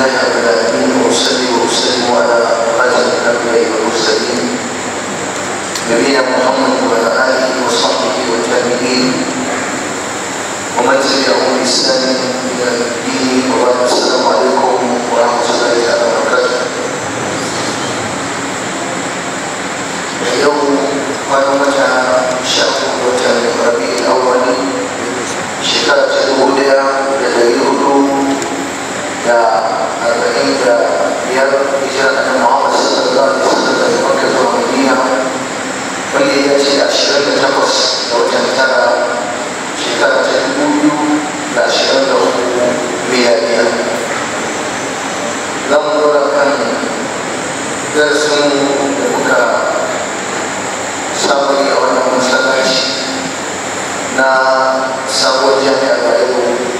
انك الامين واصلي واسلم على خاتم الانبياء والمرسلين نبينا محمد وعلى اله وصحبه والتابعين ومن تبعهم باحسان الى الدين وبعد السلام عليكم ورحمه الله تعالى وبركاته اليوم قال شهر ربيع الاول شكرا تدعو لها لديه da juga dia bicara tentang Muhammad sebagai sebagai dari wakil tuan dunia. Beli dia si Ashraf dan Jakos dalam cerita cerita tentang Uyu dan Ashraf dalam media dia. Lalu orang dari semua muka sabi orang Muslim na sabo dia ni ada ilmu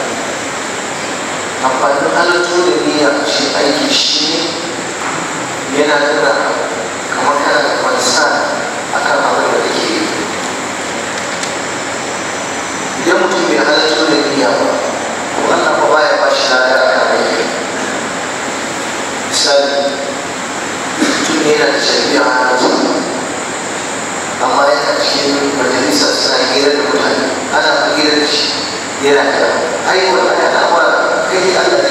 amfanin halatto da niyya shi aiki shi yana nuna kamar kana da concern a kan abin da kake yi idan mutum bai halatto da niyya ba ko Allah ba baya ba shi lada a kan aiki misali mutum yana da jami'a a hannunsa amma yana cikin majalisa suna hira da mutane ana hira da shi yana da aiwata yana Thank you.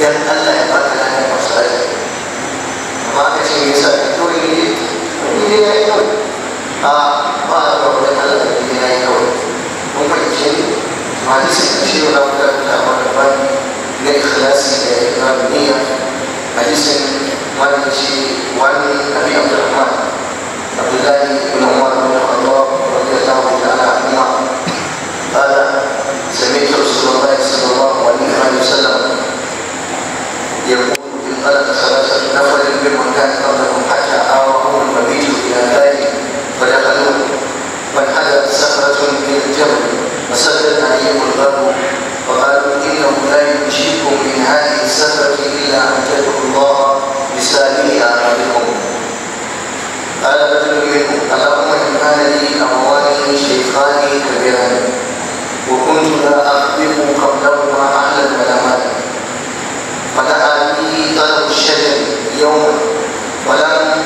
dan Allah ya baka lafiya masu arziki amma ka ce ya sa to yi ne ne ya yi kawai a ba a ba wajen Allah ne ya yi kawai mun fahimce ne ma da sai ka ce wa za mu karanta a magabar na ikhlasi da ikrarin niyya hadisin wani ce wani abi abdurrahman abdullahi ibn umar ibn khattab radiyallahu ta'ala anhu قال سمعت رسول الله صلى الله عليه وسلم قبلهم حتى المبيت إلى فدخلوه سفرة من عليهم فقالوا إنه لا ينجيكم من هذه السفرة إلا أن تدعوا الله بسالي قال رجل منهم كان لي شيخان كبيران وكنت لا أخبر قبلهما أهل المنامات فدعا لي طلب الشجر يوما ولم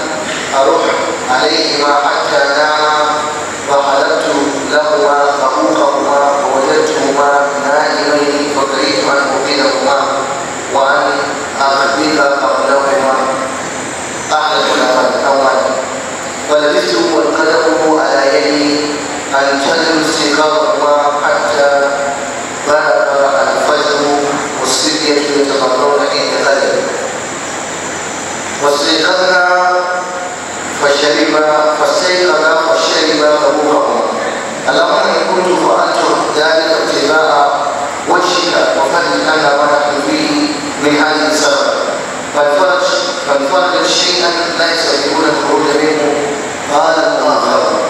أروح عليهما حتى ناما فحلبت لهما فوقهما فوجدتهما نائمين فكرهت أن أوقظهما وأن أخبث قبلهما أحدث لهما الأول ولبثت والقلم على يدي أن تدرس قبلهما حتى النفسية يتفطرون اعتقادا واستيقظنا فشرب فاستيقظ فشرب أبوهما اللهم إن كنت فعلت ذلك ابتغاء وجهك وفضلك ونحن فيه من هذه السفر فالفرج فالفرج شيئا لا يستطيعون الخروج منه قال الله خير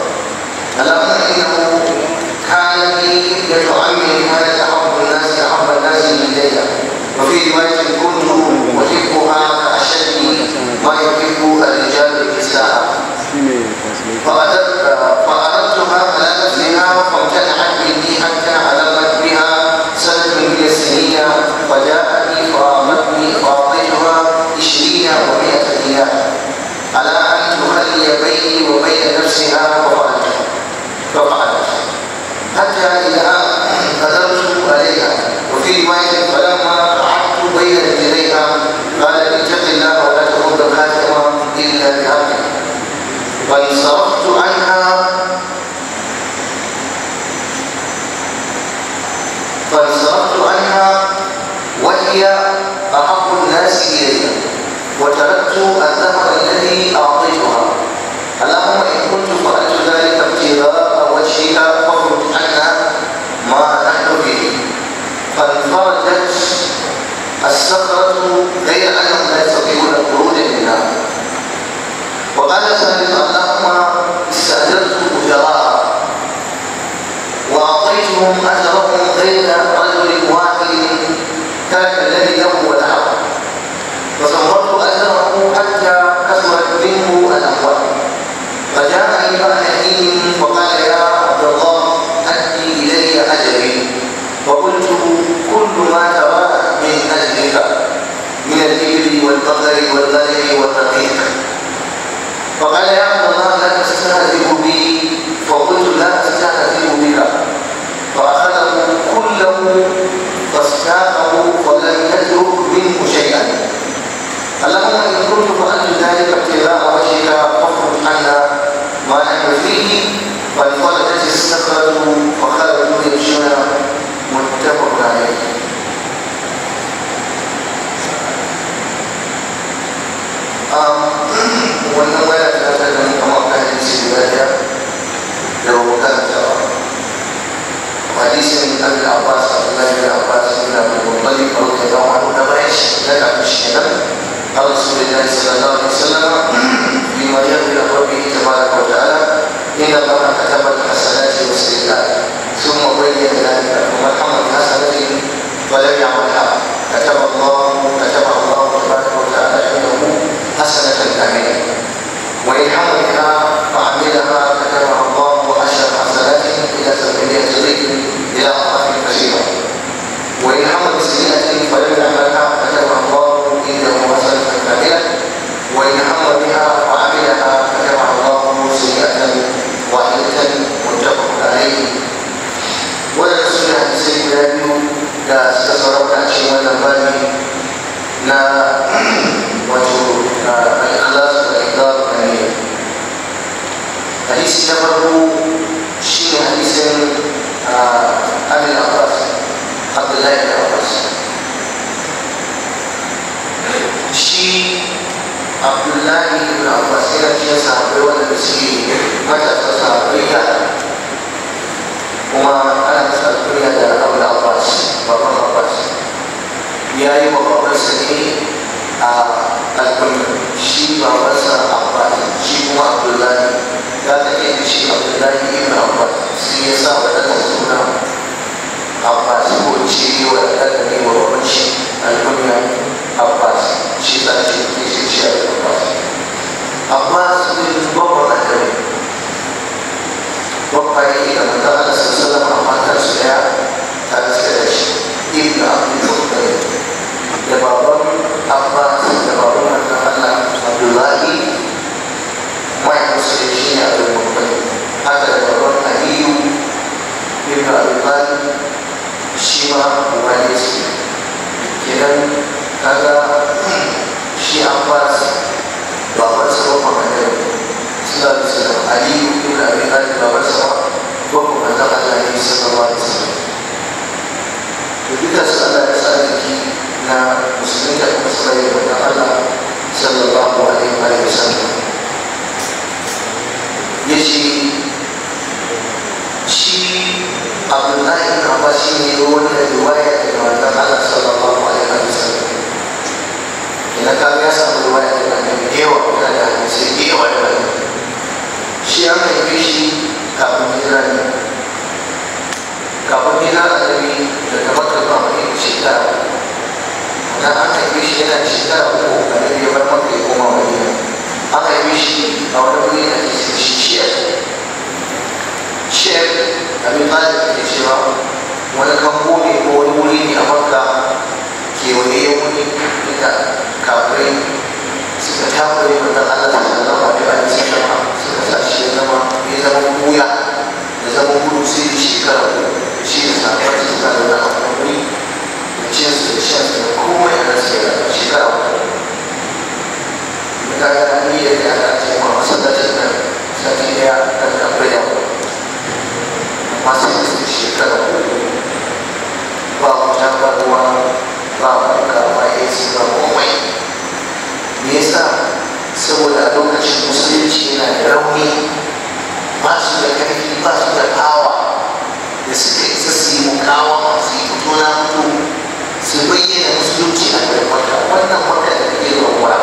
muke da musulunci a garin maka wannan maka da kake zuwa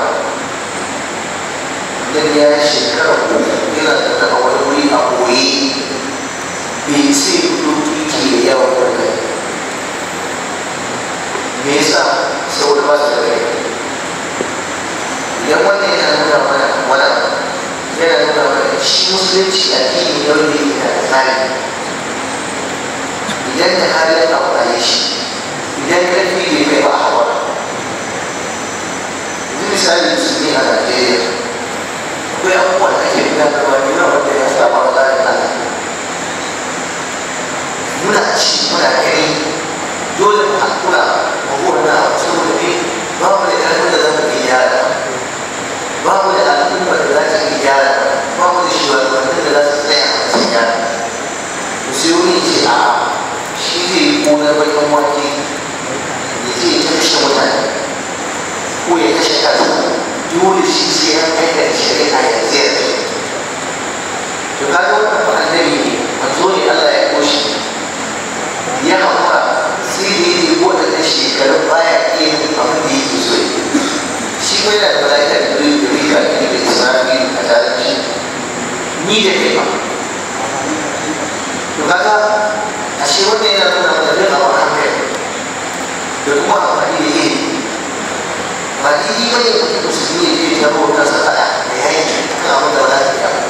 dan ya shekara uku yana da daga wani wuri a koyi bai ce ya tuki da yawan wannan me yasa saboda ba su da kai idan wannan yana nuna mana wani yana nuna mana shi musulunci a cikin yau ne yana da tsari idan da halin abu a yi idan ƙarfi ne kai ba a hawa yanzu misali musulmi a najeriya akwai abubuwa da ake gudanarwa ne na wanda ya saba wa tsarin allah muna ci muna gani dole mu haƙura mu huwanna a saboda ne ba mu da ƙarfin da za mu yi yara ba mu da al'ummar da za ta da a ce a shi zai yi wake zai ta kashe mutane ko ya kashe kansa dole shi sai an aika da shari'a ya ziyarci to kaga wannan ba annabi ne manzo ne Allah ya koshi ya haƙura sirri ne waɗannan shekarun baya iya yin abin da yake so ya shi ko yana da mala'ika da dole da rika ne da isra'il a tare shi ni da kai ba to kaga ashe wannan yana nuna mana a berbuat pada diri ini pada diri ini banyak untuk sendiri dia tidak berhubungan sahabat lah dia hanya kenapa dia berada di dalam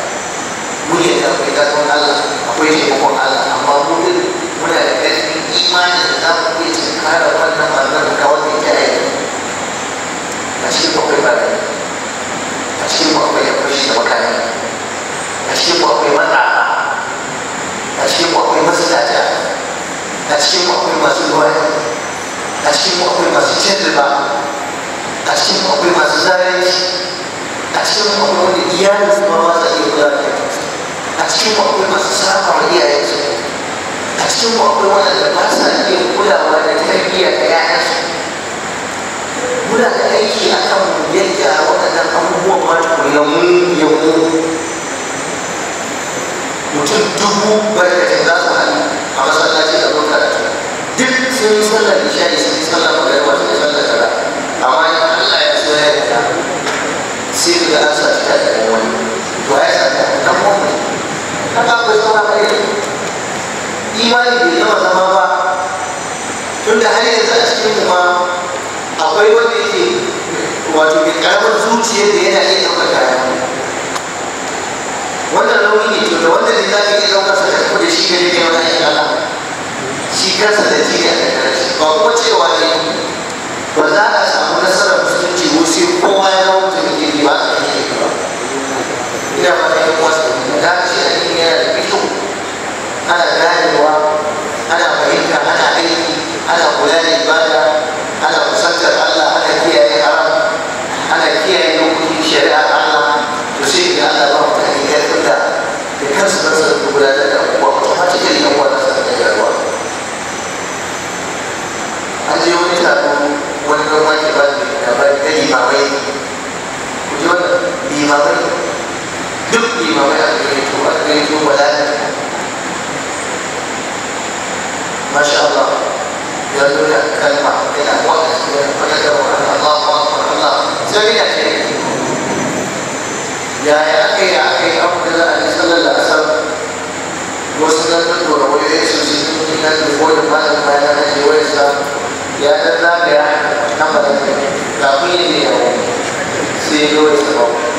mulia dalam perikatan Allah apa yang dia berbuat Allah apa yang dia berbuat Allah apa yang dia berbuat Allah apa yang dia berbuat Allah apa yang dia berbuat Allah apa yang dia berbuat Allah Nasi buat pribadi Nasi buat apa yang bersih sama kami Nasi buat pribadi Nasi buat pribadi saja Nasi buat pribadi semua a cikin mu akwai masu cin riba a cikin mu akwai masu wanda iyalin su ma iya kula da a cikin mu wa iyayen su a cikin mu akwai iya kulawa da tarbiyya da muna da aiki a kan yadda waɗannan abubuwan ma tukunan mun yabo mutum dubu barkatin za su hannu a masallaci da mun karatu duk sun yi sallar isha'i sun yi sallar magariba sun yi sallar kaza amma in Allah ya so ya yarda sai ka ga an sa shi a garin wani to ya sa ta dan wani haka akwai sauran kai imani bai gama zama ba tunda har yanzu a cikin kuma akwai wanda yake wato mai karamar zuciyar da yana iya ɗaukar kayan wannan nauyi ne to da wanda ne za ka iya ɗaukar sa ka tafi da shi ne da yawan Allah shi kansa da jiya da karshe ba kuma cewa ne ba za a samu nasarar musulunci ko sai kowa ya zama mutum gidi ba a yi ba ina ba ne kuma su da shi a yi yana da fito ana ganewa ana fahimta ana aiki ana kula da ibada ana kusantar Allah ana kiyaye haram ana kiyaye dokokin shari'a Allah to sai ga Allah ba mu da ya da kansa nasarar gudanar da abubuwa ba ta cikin yan an je wani taro wani ɗan wake ba da labari na limamai ku ji wannan limamai duk limamai aka gaito aka da wadata masha Allah ya zo da kalma yana wa'azi yana faɗaɗarwa Allah Allah Allah sai ya ce yaya aka yi aka yi abu da za a yi sallallahu alaihi wasu nan da tura wani ya yi sosai sun yi nan da wani malam bayan ake wani Ya tetap ya, nampak tak? Tapi ini yang si Louis Hamilton.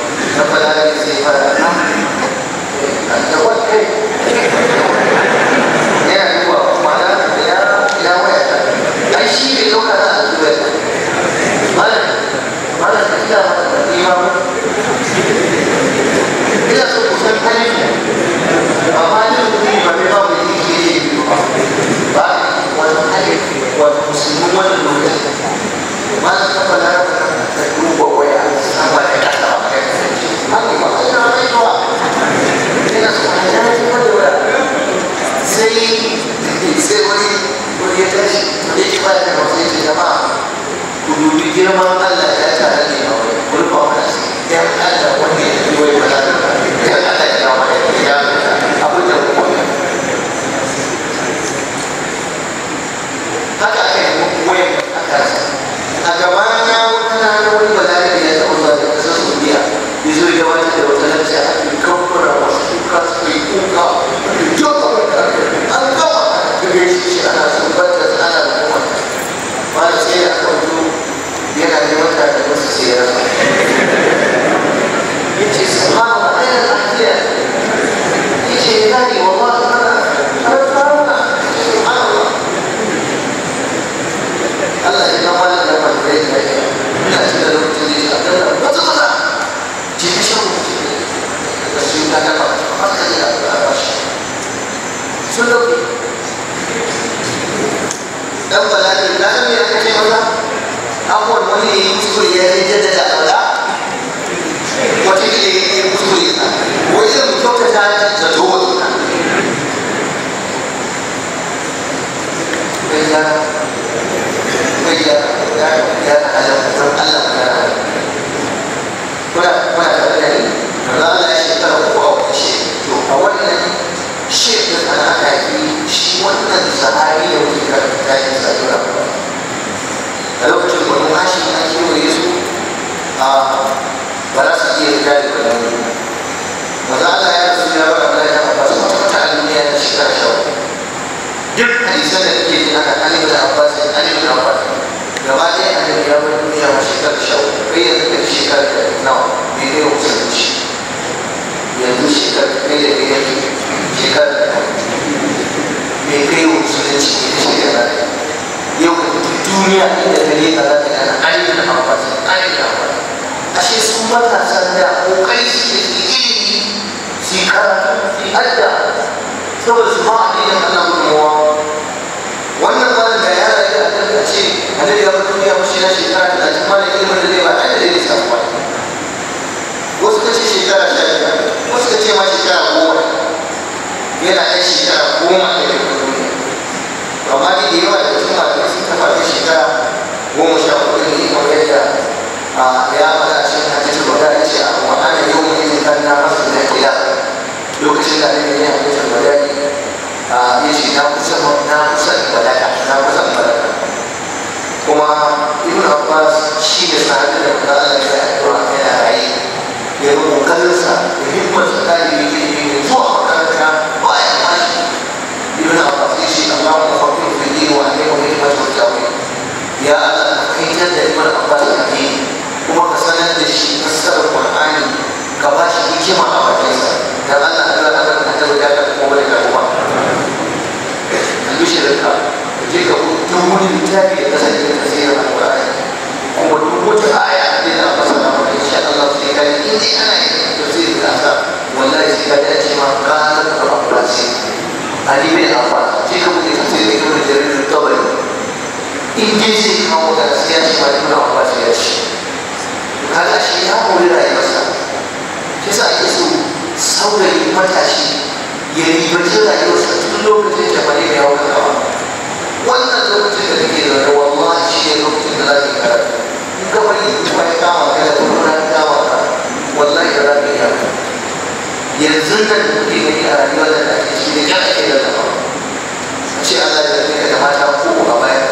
in dai zai kawo gaskiya ce ba nuna shi ya kori rayuwarsa kisa ake so saurayi matashi ya ribaci rayuwarsa tun lokacin da bari ya hau kawa wannan lokacin da kake da rawa ma shi lokacin da za karatu in ka bari kuma ya kama ka da kuma ya kama ka wallahi da za ka yi yanzu da gani a rayuwar da ake shi ne ya ake da zama a ce Allah ya zama da mata ko a bayan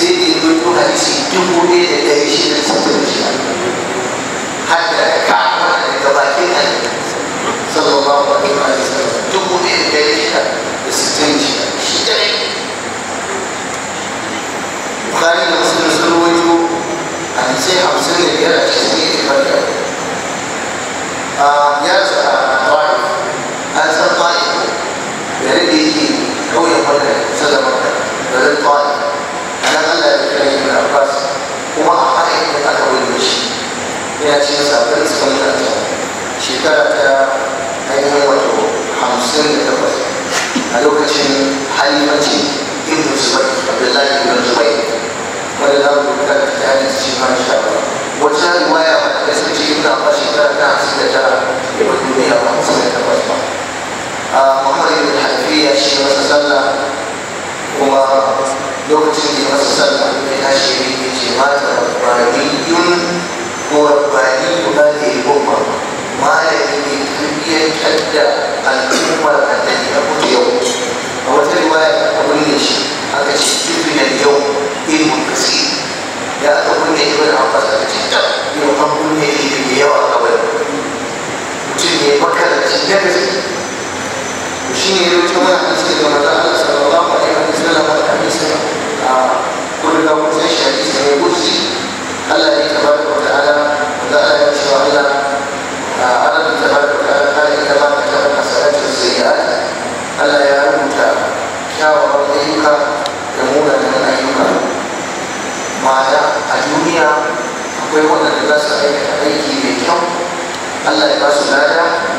sai da yi to hadisi dubu ɗaya da ɗaya shi da sittin da shi har da kama da gabakin annabi sallallahu alaihi wa sallam dubu ɗaya da ɗaya shi da sittin da shi shi ɗaya bukari da musulun sun rawaito hadisai hamsin da biyar a cikin ikon da ah, ya rasu a ta'if muhammad ibn hanafiya shi masa sallah kuma lokacin da masa sallah ya tashi ya ce mata bariyun ko ba da yi goma malami ne tarbiyyantar da al'ummar annabi a kudu yau a wata riwaya a kunne shi aka ce kifinan yau ilmin kasi ya aka kunne ibn abbas an yawa a kawai mutum ne makaranci na gaske shi ne yau cewa a ce ga maza Allah sallallahu wa sallam a hadisi a kullum da kun san shi hadisi ne gursi Allah ya tabbata wa ta'ala da Allah ya ce wa Allah a ranar da tabbata wa ta'ala kada ita ba ta tabbata salatu sayyi'at Allah ya rubuta kyawawan ayyuka da munanan ayyuka ma'ana a duniya akwai waɗanda za su aikata aiki mai kyau Allah ya ba su lada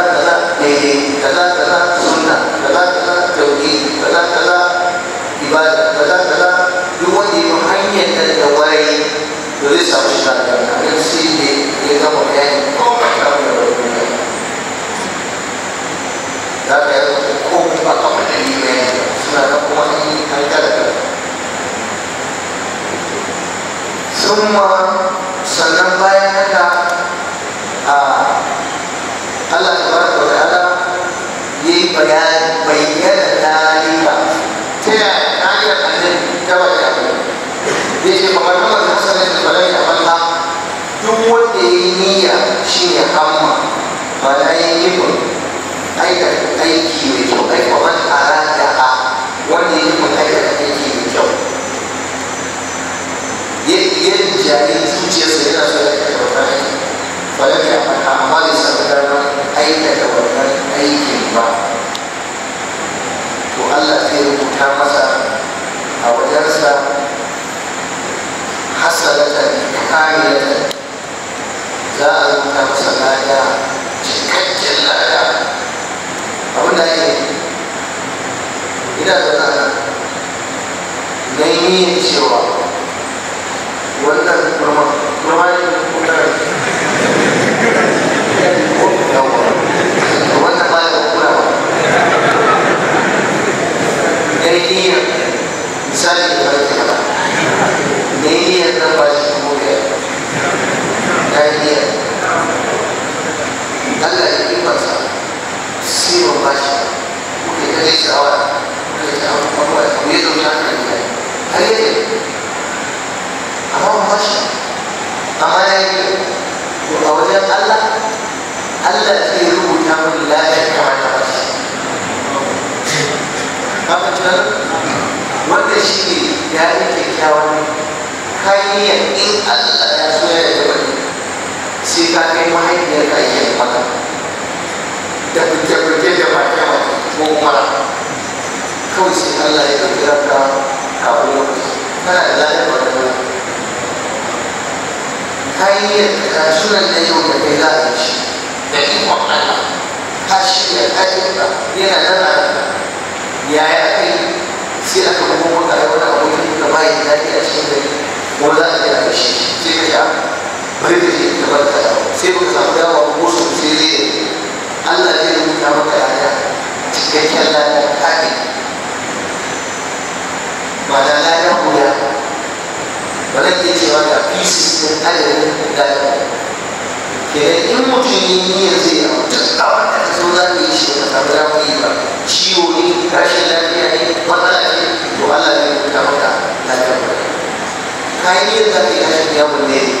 verdade. sai ka kai mahaifiyar ka iya maka da berjaya fice da mace-mace ko mara kawai Allah ya ɗauki ranka kafin lokaci kana da lafiya da wani ka yi rasulan na yau da kai za a shi Allah ka yana yaya kai sai aka bugu maka da wani abokin da bayan daɗi a cikin gari za bari da shi ta bata sai muka samu dawa ko su sai zai Allah zai rubuta maka yaya cikakken lada kaɗi ba da lada guda ba zan iya cewa ga fisi ɗin adadin guda kenan in mutum yi niyyar zai yi duk abin da ta zo za ka yi shi ba ka samu yi ba ciwo ne rashin lafiya ne matsala ne to Allah zai rubuta maka lada guda ka yi niyyar za ka yawon ne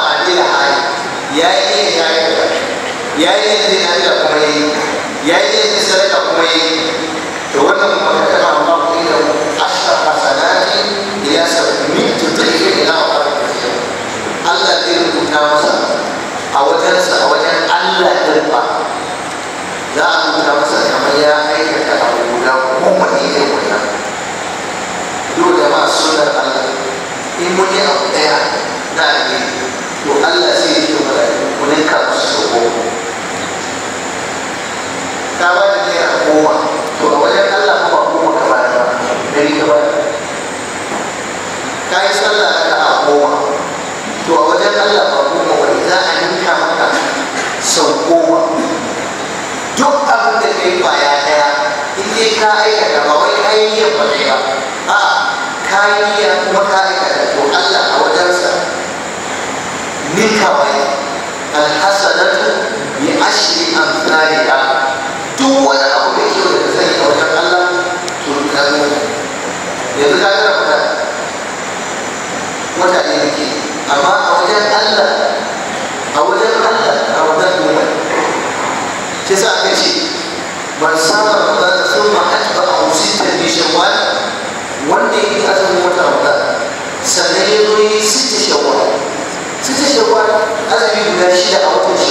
ya yi yanki na da kuma yi ya yi yanki sadaka kuma yi to wannan kuma ta tana wa ku ila ashra hasanati ila sabmi tudriku ila Allah zai rubuta masa a wajen sa a wajen Allah din ba za a rubuta masa kamar ya aikata abu guda kowane irin wannan dole ma sunan Allah in mun yi abu daya na ne to Allah sai ya ce mana kunin kasu kowa to a wajen Allah ba goma ka baya ba dari ka baya ka yi sallah ka a to a wajen Allah ba goma wani za a ninka maka sau kowa? duk abin da kai kwaya daya in dai ka aikata ba wai ka yi yin ba ba a ka yi ya kuma ka aikata to Allah a wajensa ninka bai alhasanatu bi ashri amsal amma a wajen Allah a wajen Allah a wajen duniya shi sa aka ce man saba ramadan sun ma hajjaba a husitar bi wani wanda ya yi azumin wata wata sannan ya zo yi sita shawwal sita shawwal azumi guda shida a watan shawwal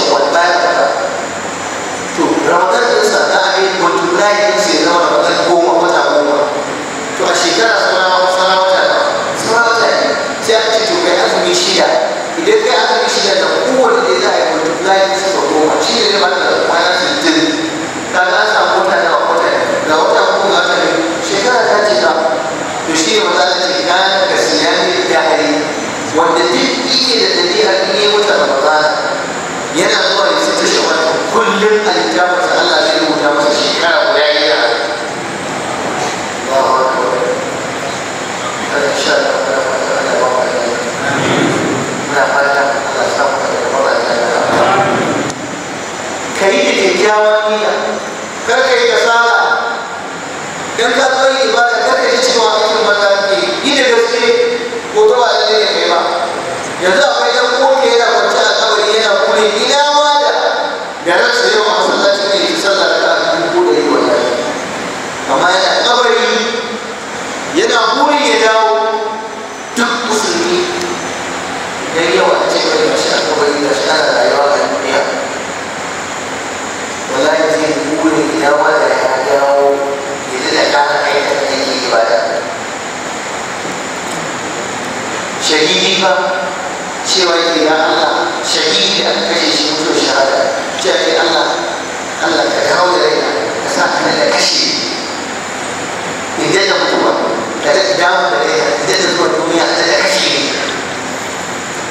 jawo da ya zai da zuwa duniya da ya kashe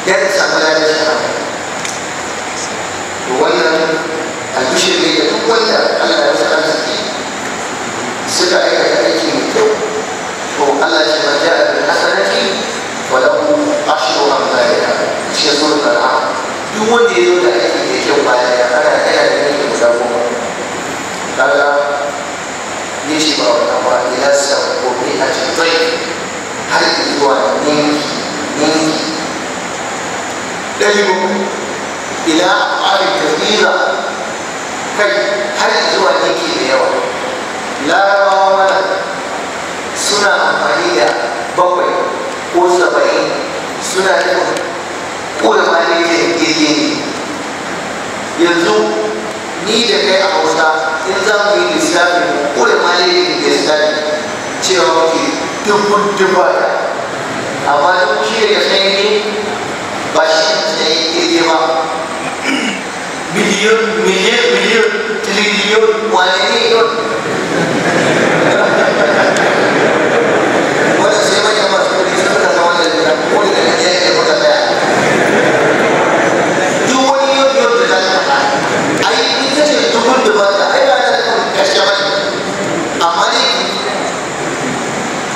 ya da samu lalata sha'awa to wannan albishir ne da duk wanda Allah ya wasu arziki suka aikata aiki mai kyau to Allah shi ma ja'a bil hasanati wa lahu ashru amsalha shi ya sura qara duk wanda ya zo da aiki mai kyau baya ya ana yana da aiki da sabo kaga yi shi ba wannan ba ila sabbi a cikin jibai har yi zuwa ninki ninki ɗari ila abin tafiya kai har zuwa ninki da yawa larabawa mana suna amfani da bakwai ko saba'in suna nufin ko da ma ne yanzu ni da kai a bauta in za mu yi lissafi kure ma ne yi lissafi cewa muke dubun ya amma duk shi da san yake ba shi da yi yi ba miliyon miliyon miliyon triliyon wani ne yau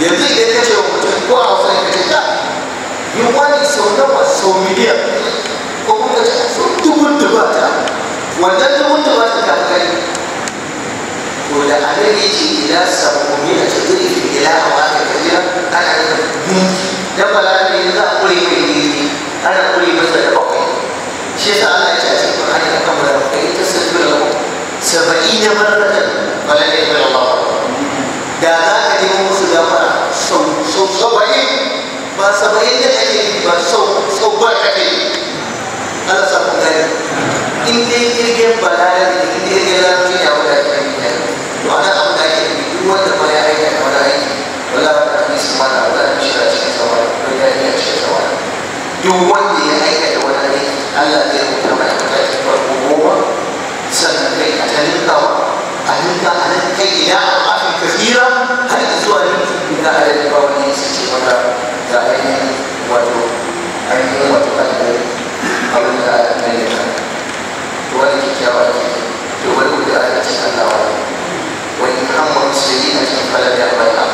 yanzu idan ka ce wa mutum ko a wasan ka ce ta yi wani sau nawa sau miliyan ko kuma ce sau dubun ta wannan dubun dubata ta ta kai ko da annabi ya ce ila sabu mina ta zuri fi ila hawa ta kajiya ana da dunki dan balarabe ne za a kure mai dini ana kure masa da bakwai shi yasa Allah ya ce a cikin Qur'ani da kamar da kai ta sabbin lahu saba'ina marratan balarabe ne Allah da za ka ji musu gafara sau saba'in ba saba'in da ake yi ba sau sau ba ake yi Allah sa kun gani in dai jirgin balada ne in dai jirgin larabci ya wada ke yi ne ma'ana abu da ake yi duk wanda ma ya aiki a wani aiki wala ba ta fi su mana wala ta shi a cikin sawa ko ya yi a cikin sawa duk wanda ya aika da wani aiki Allah zai rubuta mai wata cikin farko goma sannan kai a talinkawa a ninka a nan kai ila a mafi kafira har zuwa ninka za a rage ba wani su ce wata za a yi wato an yi wato kan da abin da a kan yi kan to wani kyakkyawa ke to wani guda a cikin allawa wani hamman su yi a cikin falar ya bata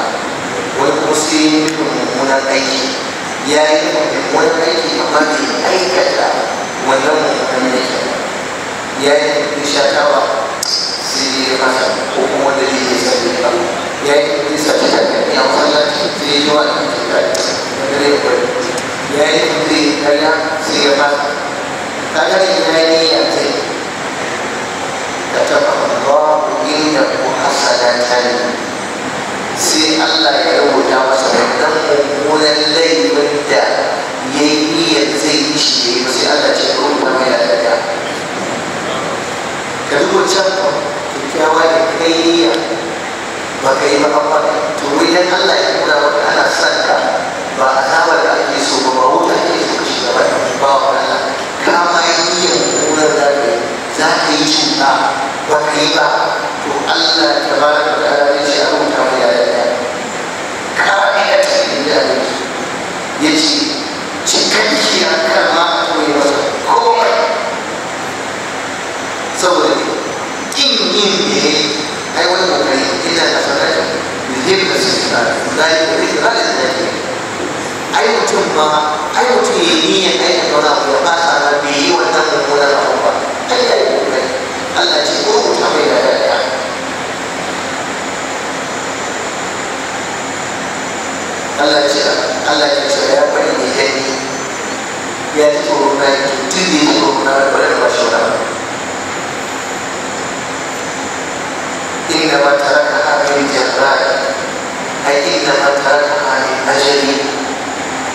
wani kuma su yi nufin mummunan sai ya masa ko kuma yi ya yi ya masallaci sai ya wa da kai ya yi zai karya sai ka Allah ta sai Allah ya rubuta masa wannan mummunan lai wanda ya yi zai yi shi ya yi sai Allah ce ko kuma ba ka yi idan Allah ya nuna maka ana son يجب هناك تبتدي هناك ولا مشورة إنما تركها من جراء أي إنما تركها من أجل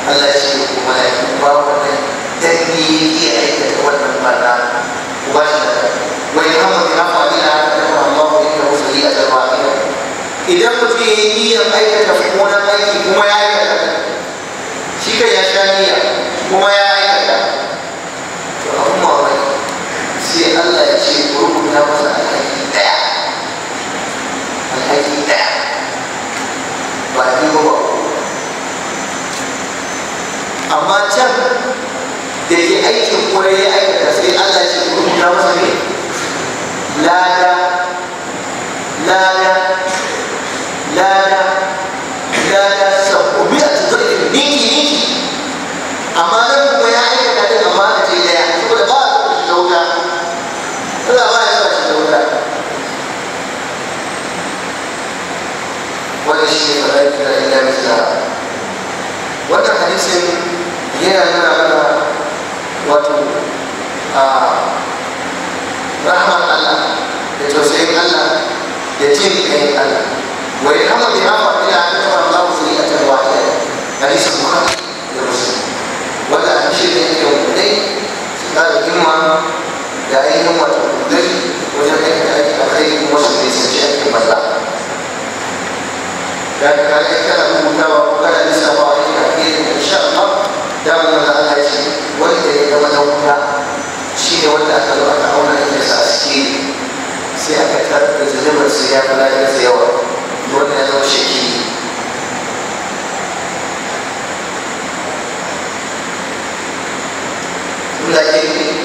الله يشهد ملائكة وأولا تنبيه هي أي تتولى المرأة مباشرة وإنما بنفع بها كتبها الله إنه سيئة الواحدة إذا قلت هي أي تفهمون أي كما يعلم شيكا يا شانية kuma ya aikata to sai Allah ya ce ku rubuta masa alhaki daya alhaki daya ba ni ba amma can da ke aikin kore ya aikata sai Allah ya ce ku rubuta masa ne lada lada lada amma nan kuma ya aikata din amma da ce daya saboda ba a taɓa shi wuta Allah ba ya sa shi wuta wani shi ne faɗa kira ila misla wannan hadisin yana nuna mana wato a rahman Allah da tausayin Allah da jin kai Allah wa yarhamu bi rahmatillah an tawallahu sayyi'atan wahida hadisi bukhari himma da ainihin wata kudai wajen aiki aiki a da kai kana rubutawa ko a yi a kai da insha Allah da wannan da Allah ya ce wuta shi ne wanda aka zo aka auna inda sai da su ya ya zama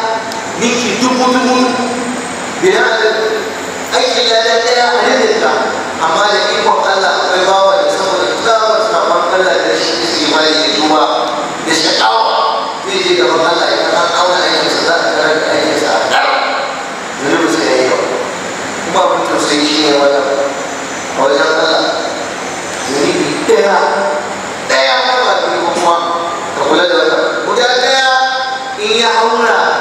dubu dubu bina aikin da daya a rininta amma da ikon allah akwai bawa da saboda tsawon sabon allah da shi ke ma da duba da sha'awa zai je gaban allah ya kan auna aikinsa za a karar da aikinsa a dar zunubi sai ya yi yau kuma abin tausayi shi ne wannan wajen allah zunubi daya daya kuma da kuma ka kula da wannan guda ɗaya in ya haura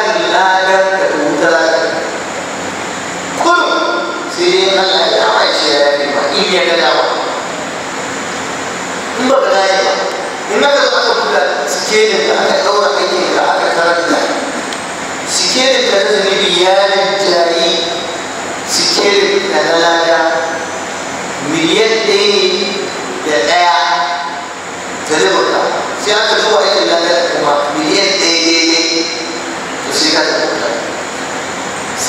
kan ladan ka ta wuta za ka kullum sai dai Allah ya dama shi ya yi ba in ya ga dama in ba ka dai ba in ka zo aka buga sikelin da aka ɗaura aikin da aka karanta sikelin da na zunubi ya rinjayi sikelin da na lada miliyan ɗaya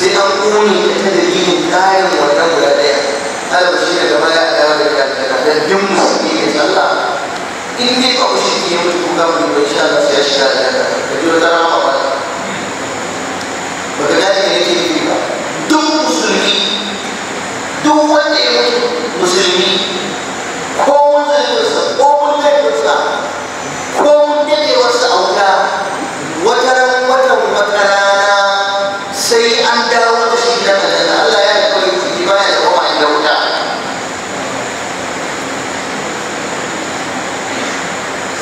sai an kone ta ta dalilin kayan wannan guda ɗaya alaba shi daga baya a dawo da kankana da duk musulmi ne sallah in dai ba ku shi ya mutu kuka mutu ba insha Allah sai ya shiga da ka ji wata rama ba ba ka gane ne yi ba duk musulmi duk wanda ya mutu musulmi ko wanda ya ko mun kai ko mun dade wasu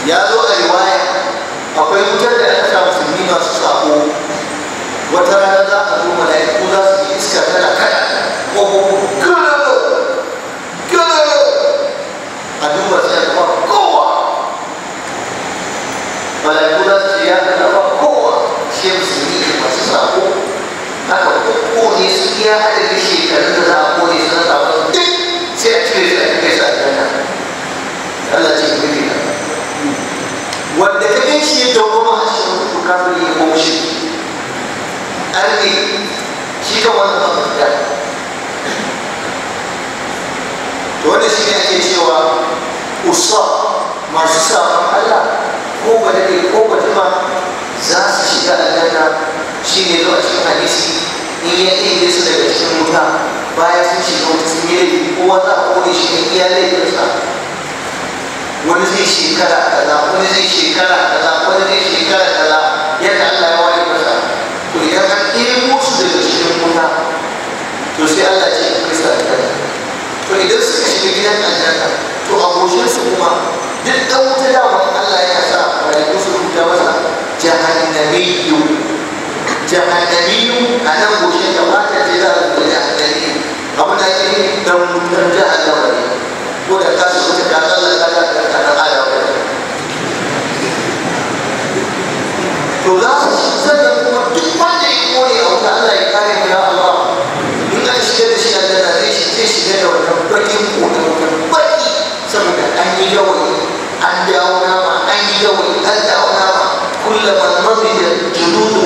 ya zo a riwaya akwai wutar da aka samu musulmi masu sako wata rana za a zo mala'iku za su yi iska tana kada ko ko gano gano a duba sai a kuma kowa mala'iku za su ce ya kama kowa shi musulmi masu sako aka kuma ne su iya adadin shekarun da za a wanda ta gan shi ya goma a cikin mutu kafiri ko an arni shi ka wannan mafita to wanda shi ne ake cewa usa masu sabon Allah ko ba da ko ba ma za su shiga aljanna shi ne zuwa cikin hadisi in ya ɗaya su daga cikin mutu bayan sun shiga wata sun yi wata kowa za shi ne iya laifinsa wani zai shekara kaza wani zai shekara kaza wani zai shekara kaza yadda Allah ya wani kasa to ya kan ɗebo musu daga cikin kuta to sai Allah ce in kai sa to idan suka shiga gidan aljanna to abokin su kuma duk dan wuta dama Allah ya sa rayuwar su rubuta masa jahannamiyu jahannamiyu a nan goshin da ba ta ce za a rubuta jahannamiyu abin da ake yi dan wutar jahannama ko da kasu wuta ta Allah sha biyar a nan to ya kone a wuta ya kare mu ya da shi a nan zai shiga da wannan saboda an yi gawayi an dawo an yi gawayi mafi da junudu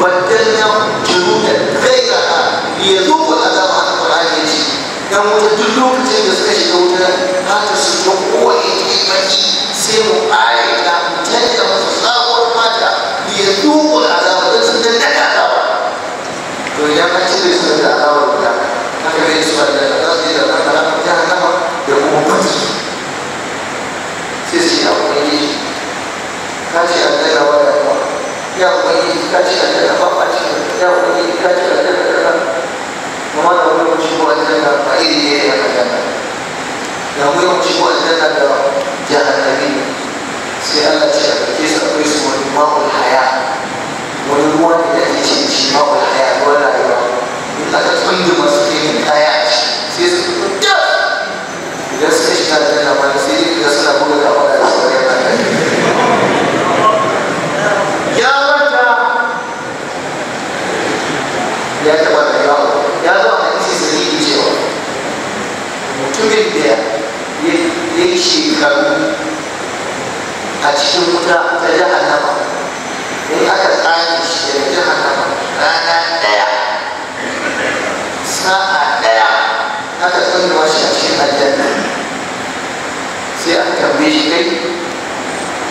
baddalna junudan a Qur'ani ya ce dan wata duk lokacin da suka shiga wuta haka sai mu ƙare ta mu canza masa sabuwar mata ya duba azabar da sun dan daga azabar to idan an cire su daga azabar guda haka ne su wanda za su yi da zakara ta hannama da kuma kuti sai su yi abu ne ka ce an daga wada yawa ya wani ka ce an daga babaci ya wani ka ce an daga daga kuma da wani wuce ko an daga ba iri ne ya haka daga da wani wuce ko an daga da jahannami sai Allah ce a ɗauke su akwai su wani ma'ul haya wani ruwa ne da ake ce shi ma'ul haya ruwan rayuwa in aka tsundu masu kenan kaya a ci sai su fita idan suka shiga da nan ma sai dai ga suna buga gaba da su wani ya manta ya taɓa shekaru a cikin wuta ta jahannama in aka tsani shi daga jahannama rana ɗaya sa'a ɗaya aka tsanuwa shi a cikin aljanna sai aka tambaye shi kai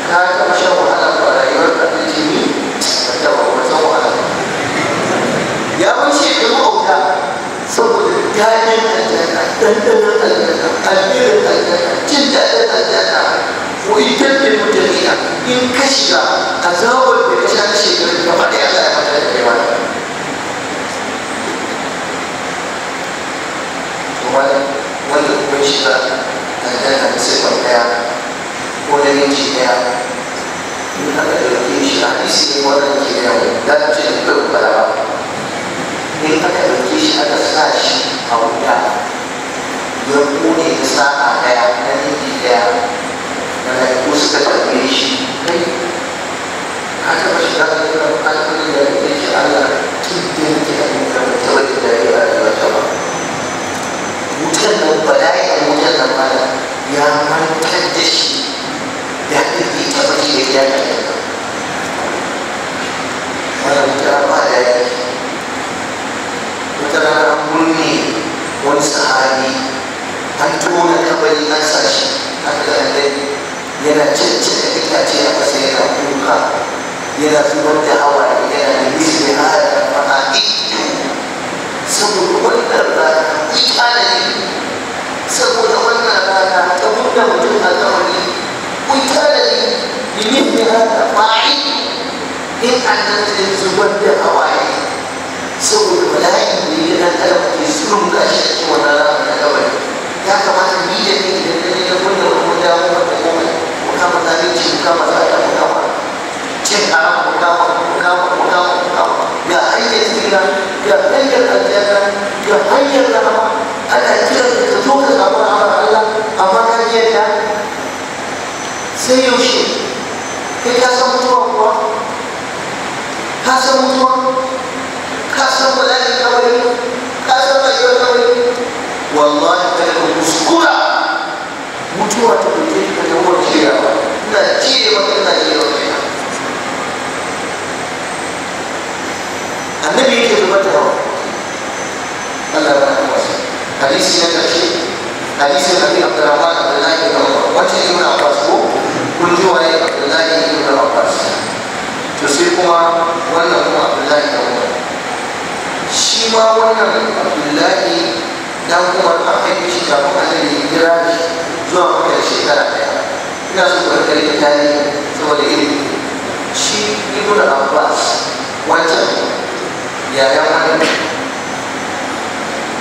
ka taɓa shan wahala ba rayuwar abinci ne ba taɓa wata wahala ya wuce shekaru a wuta saboda daɗin aljanna dandanon aljanna alherin aljanna jin daɗin aljanna ko ita ne mutaniya in ka shiga azabar da ka sha ka shiga gaba ɗaya Allah mata da kai wani kuma wanda kuma shiga aljanna da sai ɗaya ko na yanci ɗaya in aka ɗauke shi a hadisi ne wannan ke yawo da ce ba in aka ɗauke shi aka sa shi tahu kan berpuni kesana nanti dia nanti us kejadian ini ada masyarakat yang melakukan kita tidak mungkin mencoba dari orang yang coba bukan berbadai kemudian nama yang mantan yang tinggi apa tidak jangan mana bicara apa ya wani sahabi an tona kabari an sa shi haka da dai yana cancanta itace a kasa yana kuka yana zubar da hawaye yana da misli hada da fa'a saboda wannan rana itanani saboda wannan rana ta buɗe mutum a zamani yi limin da hada fa'i in annan zai zubar da hawaye saboda bala'i ne ya dan adam ke surun da shi ake wannan ranar da gabari ya kamata ni da ni idan na da wannan wani kuma da komai mu kama zalunci mu kama tsada mu kama cin haram mu kama mu kama mu kama mu kama ya hanyar tsira ya hanyar aljanna ya hanyar rahama ana kiran da ta zo ka hadisi na ƙarshe hadisi na bi abdurrahman abdullahi ibn abbas wacce ibn abbas ko kun ji waye abdullahi ibn abbas to sai kuma wannan kuma abdullahi ibn umar shi ma wannan abdullahi dan kuma an haife shi kafin annabi da jira shi zuwa maka shekara ɗaya ina so ku rika yin tarihi saboda ilimi shi ibn abbas wancan yayan wani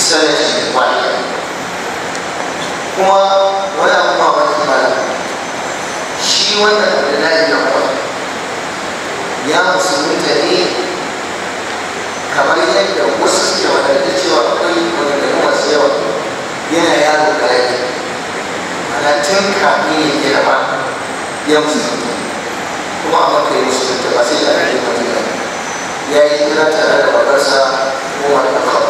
sanadi wahid kuma wani abu ma wani mara shi wannan abdullahi ya kwa ya musulunta ne kamar yadda wasu suke wadanda cewa akwai da kuma yawa yana yaro karami ana tun kafin ya girma ya musulunta kuma a maka ya musulunta ba sai da ake mutum ya yi kira tare da babarsa ko wani kawai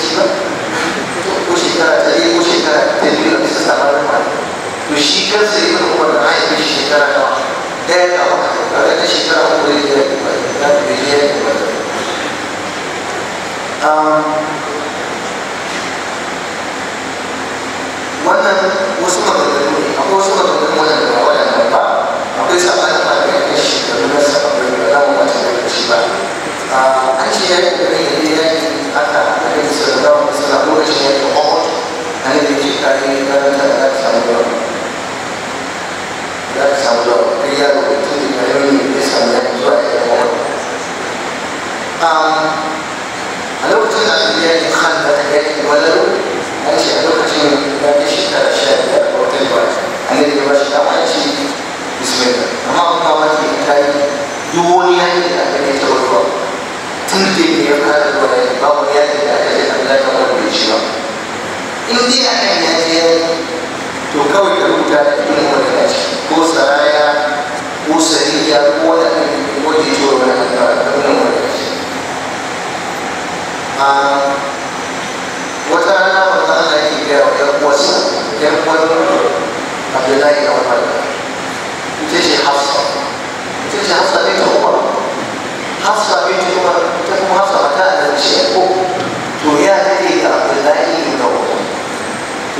shekara ta ɗaya ko shekara ta biyu a bisa sabanin ma to shi kansa ya kan umar na haifi shi shekara nawa ɗaya na da wannan wasu maganganu ne akwai wasu da waɗannan ba akwai sabanin ma da ya kai shekaru na sabanin da za mu mace da shi ba an ce yi da ya aka da yi sallallahu annabi ce ka yi karanta da za ka samu yawa za ka samu da ya samu yawa zuwa da yawa a lokacin da yi yi walau an ce a lokacin da ya shekara sha biyar a watan ba annabi ya ba shi dama bismillah amma kuma wata ta yi duk wani yanki da aka yi ta wani ba tun da ya fara zuwa ya ta in dai akan ya je to kawai ka rubuta da ibn wadaj ko saraya ko sariya ko wani abin wanda da tura wani abin wadaj a wata rana wanda Allah ya gaya wa ɗan uwarsa ɗan uwar Abdullahi ya umar ita ce Hafsa ita ce Hafsa ne ta umar Hafsa ne ta umar ta kuma Hafsa mata a nan ce ko to ya take ga Abdullahi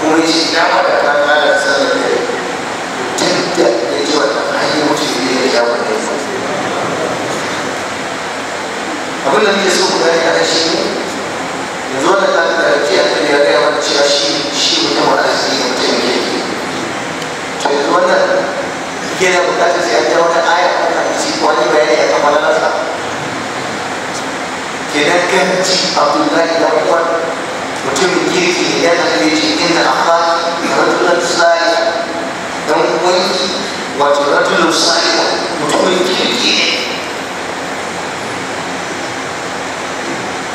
kuma shi ya mata ta kara sanar da duk da ya ji wannan hanyar wuce ne ya ja wannan ya abin da muke so ku gani a shi ne yanzu wannan ta da ke a kan ya gaya cewa shi shi mutum wa arziki mutum ne to yanzu wannan yana bukatar sai an ja wata aya ko hadisi ko wani bayani a kan malalasa kenan ganci abdullahi dan uwan mutum kirki ya annabi ce inna akha rajulun salih dan uwanki wato rajulun salih mutumin kirki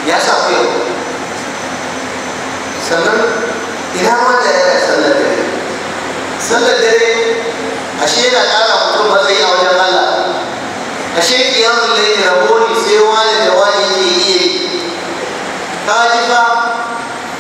ya sa ku yau sannan ina ma da yana sallar dare sallar dare ashe yana ƙara mutum matsayi a wajen Allah ashe kiyamun laifin rabo ne sai wani da wani ke iya ka ji fa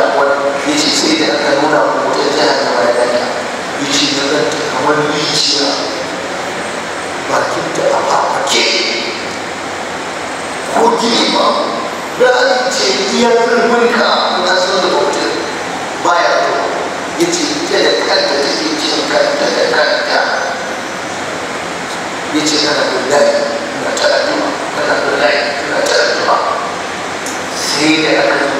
wani ya ce sai da aka nuna mu wata jihar da ba da ya ce na ɗan kamar rijiya bakin da a fafake ko gini ba da an ce iya firminka na san da bauta baya to ya ce ita da kanta ta ke cin kanta da kanta ya ce kana da layi na ta'addu'a kana da layi na ta'addu'a sai da aka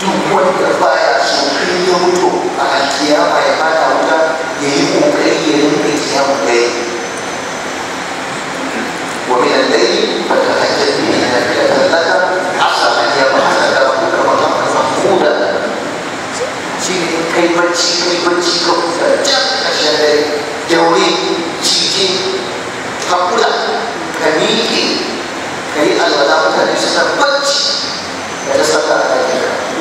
duk wanda baya so in ya mutu a alkiyama ya ta wuta ya yi kokari ya yi da rinka kiyamu dai wa min al-layli fatahajjat bihi nafilatan laka asa an yab'athaka rabbuka maqaman mahmuda shi ne kai bacci kai bacci ka huta can ka dare daure ciki hakura ka miƙe ka yi alwala mutane suna bacci ka ta sallah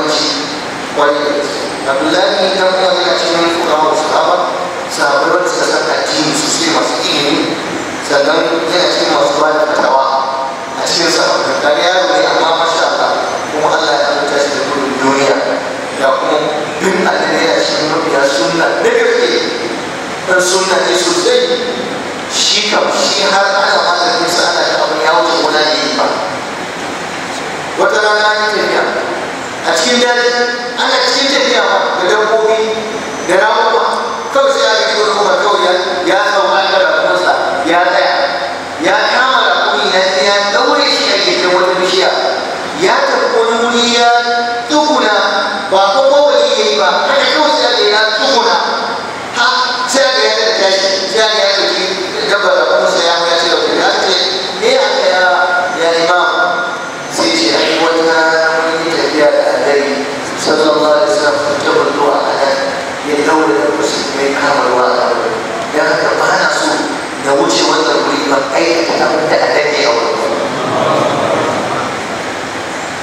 bambanci kwarai da gaske abdullahi dan uwa yana cikin fukawa da sahaba sahabbai wanda suka san addini su sai masu ilimi sannan yana cikin masu ba da fatawa abin da Allah ya aure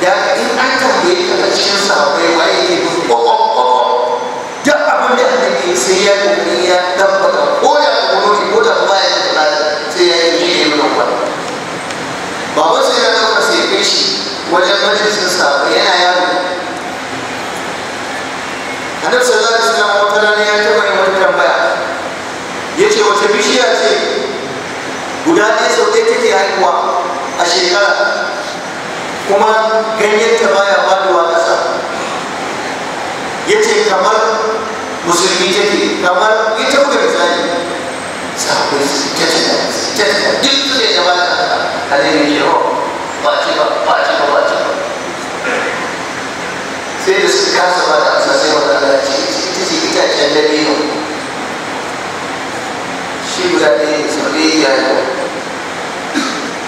da in an tambaye ka ta cikin sahabbai waye ke bin da ya sai ya kokari ya ko ko da ba ya da sai ya yi baban shi wajen yana yaro annabi sallallahu alaihi wasallam wata rana ya taba yin wata tambaya yace wace bishiya ce guda ɗaya sau ɗaya take haihuwa a shekara kuma ganyen ta baya faduwa ƙasa ya ce kamar musulmi take kamar ita kuka misali sabbin ta ce ta ce duk su ne da oh, ba ta ba ce ba ba ce ba ba ce ba sai da su kasa ba da asa sai wata ala ce ita ce itacen dabino shi guda ɗaya ne saurayi yayi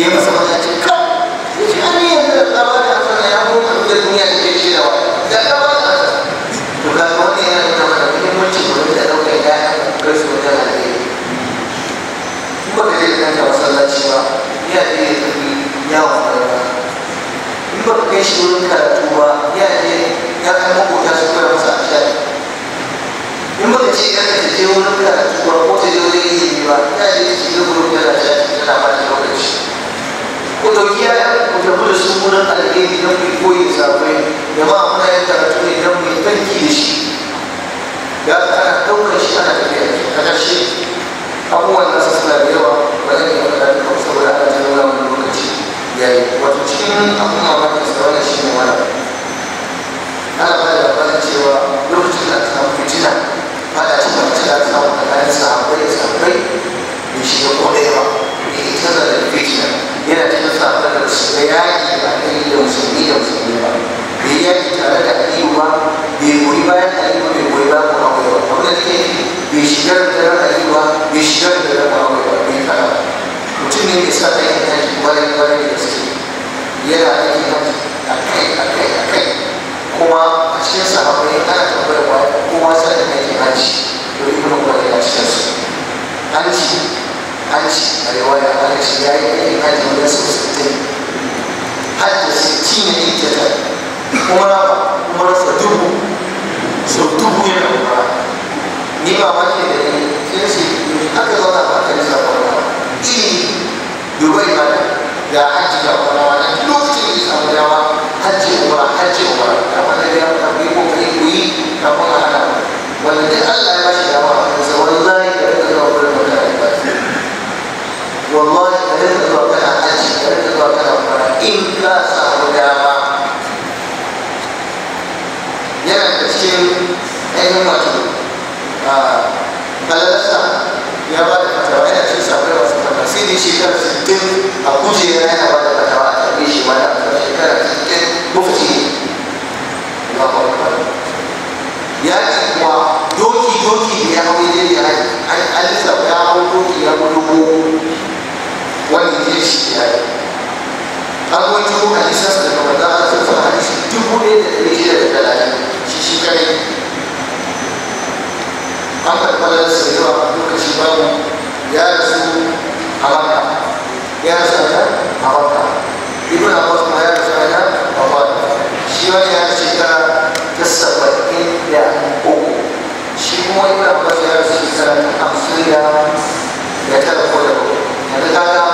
ya masa masallacin kan ya ce an yi yanzu da tsaba da asana ya kuma da duniya da ke shi da wa da tsaba da asana to ga wani yana da mana muhimmancin mu da ɗaukar ya kai su wajen alheri in ba ka je da kanka masallaci ba ya je ya tafi yawon rana in ba ka kai shi wurin karatu ba ya je ya kai makota su koya masa a shaɗi in ba ka ce ya ka je wurin karatu ba ko ta je wurin yi ba ya je ta shiga wurin yana shaɗi yana ba da lokaci ku ɗauki yayan ku tafi da su gurin alheri don ku koyi sabai jama'a muna yin karatu ne don mu yi tanki da shi ya ana ɗaukar shi ana tafiya a ƙarshe abubuwan nasa suna da yawa ba zan iya faɗa duka saboda ana ta nuna ya yi wato cikin abin mamaki sa wannan shi ne wani ana ba da labarin cewa lokacin da aka samu fitina na cikin mace da aka samu tsakanin sahabbai da sahabbai bai shiga ko ɗaya ba bai ita da yana cikin sabon da su ga yaƙi ba yi da musulmi da musulmi ba bai yaƙi tare da aliyu ba bai goyi bayan aliyu bai goyi bayan muhammadu ba abin da take bai shigar da daren aliyu ba bai shigar da daren muhammadu ba bai kara mutum ne mai sa ta na haji kwarai kwarai da gaske yana aiki haji a kai a kai a kai kuma a cikin sahabbai ana tambayar wa kowa sa da yake haji to ibnu kwarai a cikin su an hajji a riwaya aka ce ya yi aikin hajji wajen sau sittin hajji sittin ne ita ta kuma kuma rasa dubu so dubu yana umara ni ba ma ke da ni sai ce aka zauna ba aka nisa ba iri dubai ba da hajji da kuma wani lokacin da ya samu dama hajji umara hajji ainihin wato kalalarsa ya ba da fatawa yana cin sabai wasu fatawa sai ne shekara sittin a kujera yana ba da fatawa a tarbe shi ma da shekara sittin mufti ne ya ce kuwa doki doki da ya hau yadda ya hau an alisa ya hau doki ya hau dogo wani ne shi ya yi an wajen hadisansa daga manzan Allah sun sa hadisi dubu ɗaya da ɗari shida da talatin shi shi kare haka kwanar sayarwa lokaci babu ya rasu a makka ya rasu a nan a makka ibn abbas ya rasu a nan shi ya shekara ta saba'in da ya rasu shekara ta hamsin da ya tara ko da uku yanzu kaga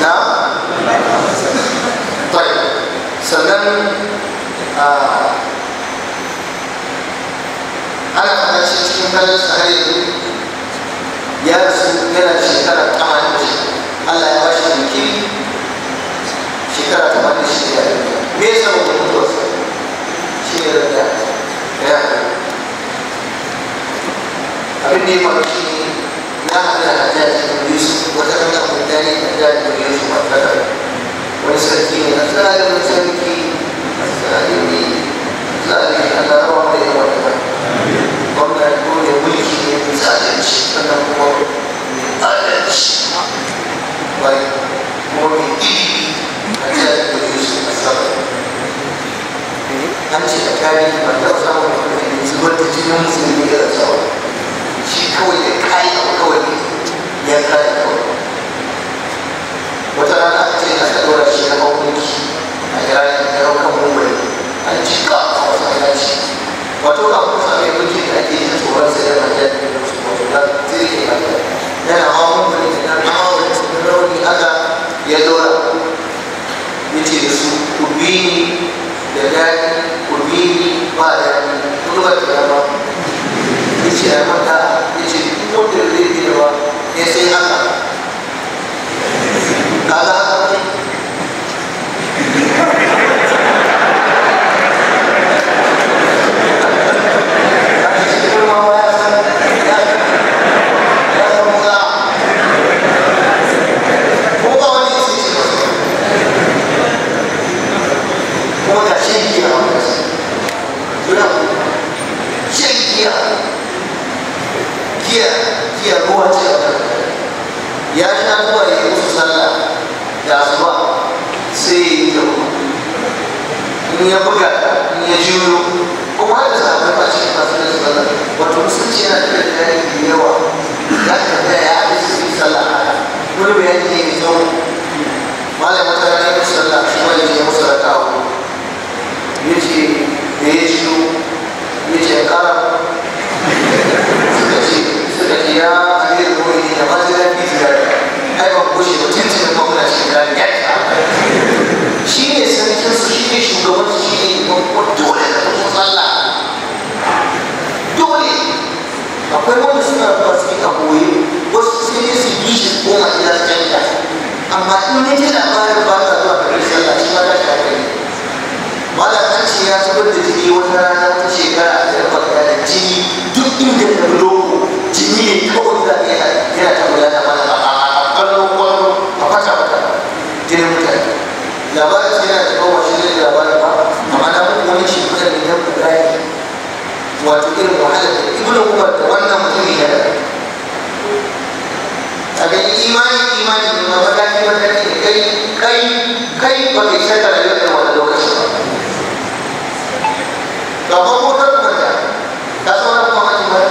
na sannan ah. aka ce cikin halin sa har yanzu ya rasu yana shekara tamanin shi Allah ya bashi jinkiri shekara tamanin shi ya yi me yasa ba ku mutuwa sa shi ne rada ya abin da ya faru shi ne na haɗa da hajjaji da yusuf wata ɗan kan mutane da hajjaji da yusuf a ƙasar wani sarki ne a tsarin sarki a tsarin ne a tsarin ne tarihi ba ta samu zubar da jinin musulmi akwai wanda suna zuwa su a boye wasu sai su yi shi koma gida su canja amma in ya ji labarin ba ta zuwa karin sallah shi ba ta shi hankali malam an ce ya zubar da jini wata rana wata shekara a cikin kwalta da jini duk inda ta bi jini ne kawai za ka yana ta gudana mana a kwallon kwallo a fata fata jinin mutane labarin yana da kawo shi ne labarin ba amma na muku wani shekara ne na yi wato irin wahalar da ibn umar da wannan mutumin ya daga kaga imani imani ne ma mataki mataki ne kai kai kai ba kai shaka rayuwar da wani lokaci ba ga farko ta kwanta ka san wani kuma mace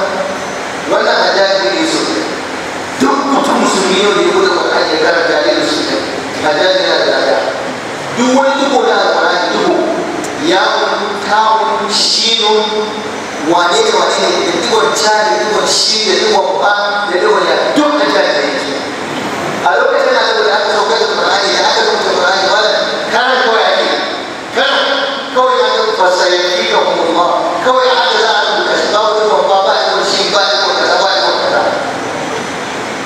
wannan hajjaji ne yusuf duk mutum musulmi yau da ya buɗe wani hajjar karanta da yusuf ne hajjaji yana da lada duk wani dubo da alƙur'ani dubo ya ta'un shinun wane ne wane ne da digon ca da digon shi da digon ba da digon ya duk da ta da yake a lokacin da aka aka saukar da Qur'ani da aka rubuta Qur'ani wala kana kawai ake kana kawai ya ga fasayi da kuma kawai aka za a rubuta shi ba wani babba ba da shi ba da kaza ba da kaza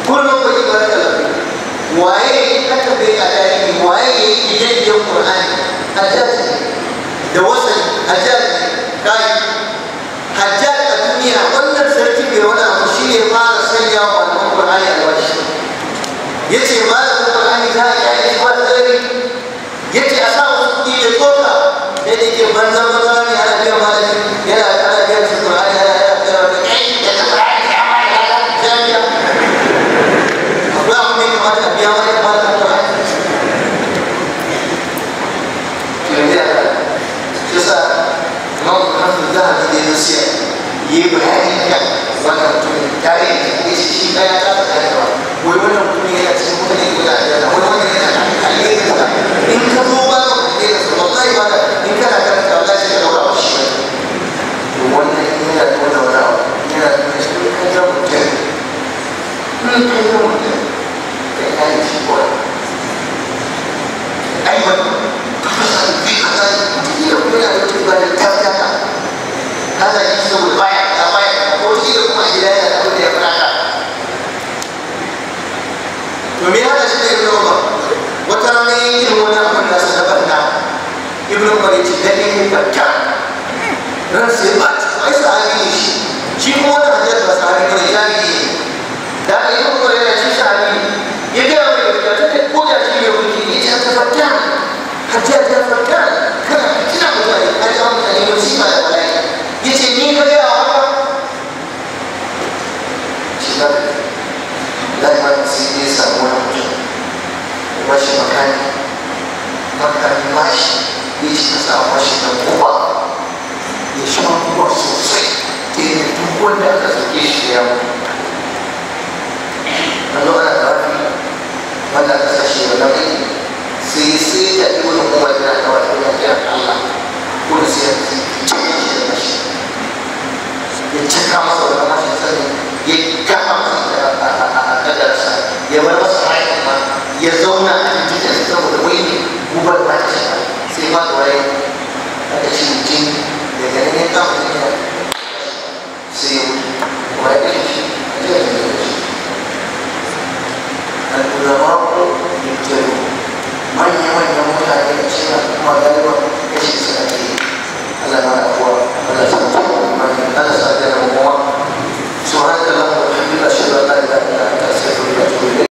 kullum ba da waye aka bai a yi, waye idan yin Qur'ani a da wasan a dajjal a duniya wannan sarki mai wani abu shi ne fara sanya wa wannan qur'ani alwashi yace malamin qur'ani ta a yi ba tsari yace a sa wasu kuɗi da tsoka sai da ke banza banza ne ana biyan malami yana